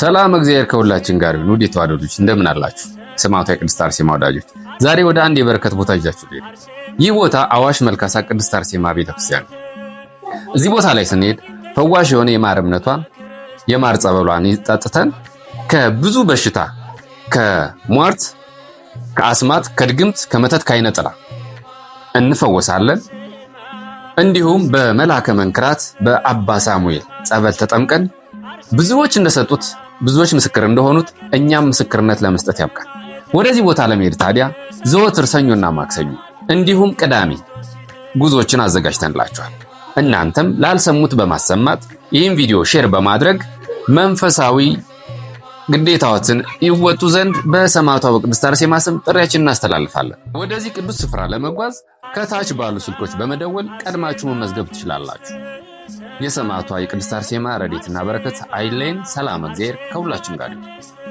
ሰላም እግዚአብሔር ከሁላችን ጋር ይሁን። ውድ የተዋደዶች እንደምን አላችሁ? ሰማዕቷ የቅድስት አርሴማ ወዳጆች ዛሬ ወደ አንድ የበረከት ቦታ ይዣችሁ ልሄድ። ይህ ቦታ አዋሽ መልካሳ ቅድስት አርሴማ ቤተክርስቲያን ነው። እዚህ ቦታ ላይ ስንሄድ ፈዋሽ የሆነ የማር እምነቷን የማር ጸበሏን ጠጥተን ከብዙ በሽታ ከሟርት፣ ከአስማት፣ ከድግምት፣ ከመተት፣ ከዓይነ ጥላ እንፈወሳለን። እንዲሁም በመልአከ መንክራት በአባ ሳሙኤል ጸበል ተጠምቀን ብዙዎች እንደሰጡት ብዙዎች ምስክር እንደሆኑት እኛም ምስክርነት ለመስጠት ያብቃል። ወደዚህ ቦታ ለመሄድ ታዲያ ዘወትር ሰኞና ማክሰኞ እንዲሁም ቅዳሜ ጉዞዎችን አዘጋጅተንላችኋል። እናንተም ላልሰሙት በማሰማት ይህም ቪዲዮ ሼር በማድረግ መንፈሳዊ ግዴታዎትን ይወጡ ዘንድ በሰማዕቷ በቅድስት አርሴማ ስም ጥሪያችን እናስተላልፋለን። ወደዚህ ቅዱስ ስፍራ ለመጓዝ ከታች ባሉ ስልኮች በመደወል ቀድማችሁ መመዝገብ ትችላላችሁ። የሰማዕቷ የቅድስት አርሴማ ረዴትና በረከት አይለየን። ሰላም፣ እግዜር ከሁላችን ጋር ይሁን።